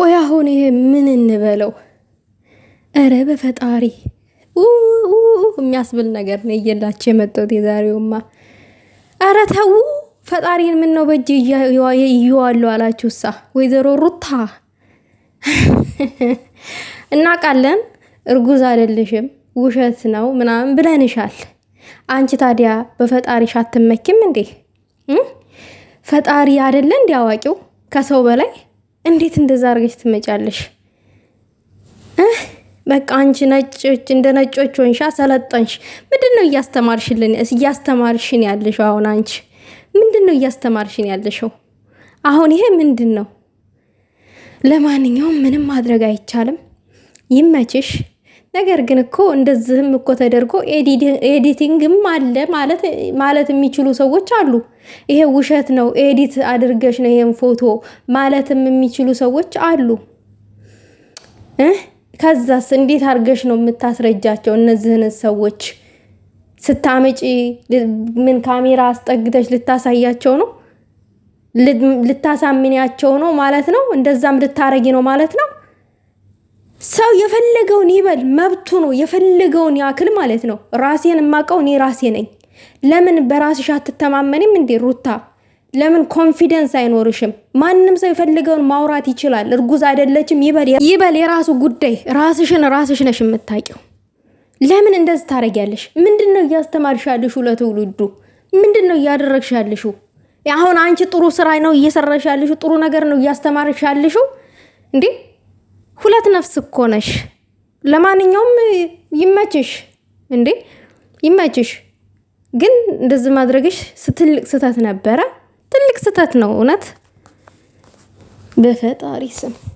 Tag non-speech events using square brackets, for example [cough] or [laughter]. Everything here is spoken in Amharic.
ቆይ አሁን ይሄ ምን እንበለው? እረ በፈጣሪ የሚያስብል ነገር ነው እየላቸው የመጣሁት የዛሬውማ። አረ ተው ፈጣሪን ምን ነው በእጅ እየዋሉ ሳ ወይዘሮ ሩታ [laughs] እናቃለን፣ እርጉዝ አይደለሽም ውሸት ነው ምናምን ብለንሻል። አንቺ ታዲያ በፈጣሪሽ አትመኪም እንዴ? ፈጣሪ አይደለ እንዲ አዋቂው ከሰው በላይ እንዴት እንደዛ አድርገሽ ትመጫለሽ? በቃ አንቺ ነጮች እንደ ነጮች ሆንሻ ሰለጠንሽ። ምንድን ነው እያስተማርሽልን እያስተማርሽን ያለሽው? አሁን አንቺ ምንድን ነው እያስተማርሽን ያለሽው? አሁን ይሄ ምንድን ነው? ለማንኛውም ምንም ማድረግ አይቻልም። ይመችሽ። ነገር ግን እኮ እንደዚህም እኮ ተደርጎ ኤዲቲንግም አለ ማለት የሚችሉ ሰዎች አሉ። ይሄ ውሸት ነው ኤዲት አድርገሽ ነው ይሄን ፎቶ ማለትም የሚችሉ ሰዎች አሉ። ከዛስ እንዴት አድርገሽ ነው የምታስረጃቸው እነዚህን ሰዎች? ስታመጪ ምን ካሜራ አስጠግተሽ ልታሳያቸው ነው? ልታሳምንያቸው ነው ማለት ነው። እንደዛም ልታረጊ ነው ማለት ነው። ሰው የፈለገውን ይበል፣ መብቱ ነው። የፈለገውን ያክል ማለት ነው። ራሴን የማውቀው እኔ ራሴ ነኝ። ለምን በራስሽ አትተማመንም እንዴ ሩታ? ለምን ኮንፊደንስ አይኖርሽም? ማንም ሰው የፈለገውን ማውራት ይችላል። እርጉዝ አይደለችም ይበል፣ የራሱ ጉዳይ። ራስሽን ራስሽ ነሽ የምታውቂው። ለምን እንደዚህ ታደርጊያለሽ? ምንድን ነው እያስተማርሻልሹ ለትውልዱ? ምንድን ነው እያደረግሻልሹ? አሁን አንቺ ጥሩ ስራ ነው እየሰራሻልሹ፣ ጥሩ ነገር ነው እያስተማርሻልሹ እንዴ ሁለት ነፍስ እኮ ነሽ። ለማንኛውም ይመችሽ እንዴ ይመችሽ። ግን እንደዚህ ማድረግሽ ትልቅ ስህተት ነበረ። ትልቅ ስህተት ነው እውነት በፈጣሪ ስም